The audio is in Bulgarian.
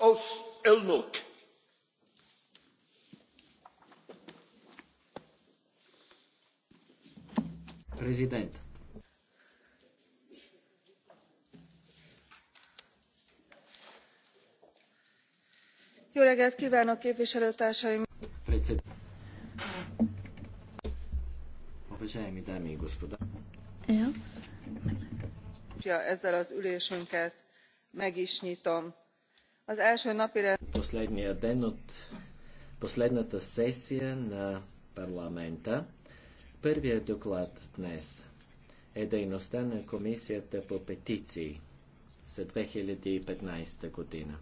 aus elnök Президент. Jó reggelt kívánok képviselőtársaim! Уважаеми дами и господа! Ezzel az ülésünket meg is nyitom. Последния ден от последната сесия на парламента. Първият доклад днес е дейността на Комисията по петиции за 2015 година.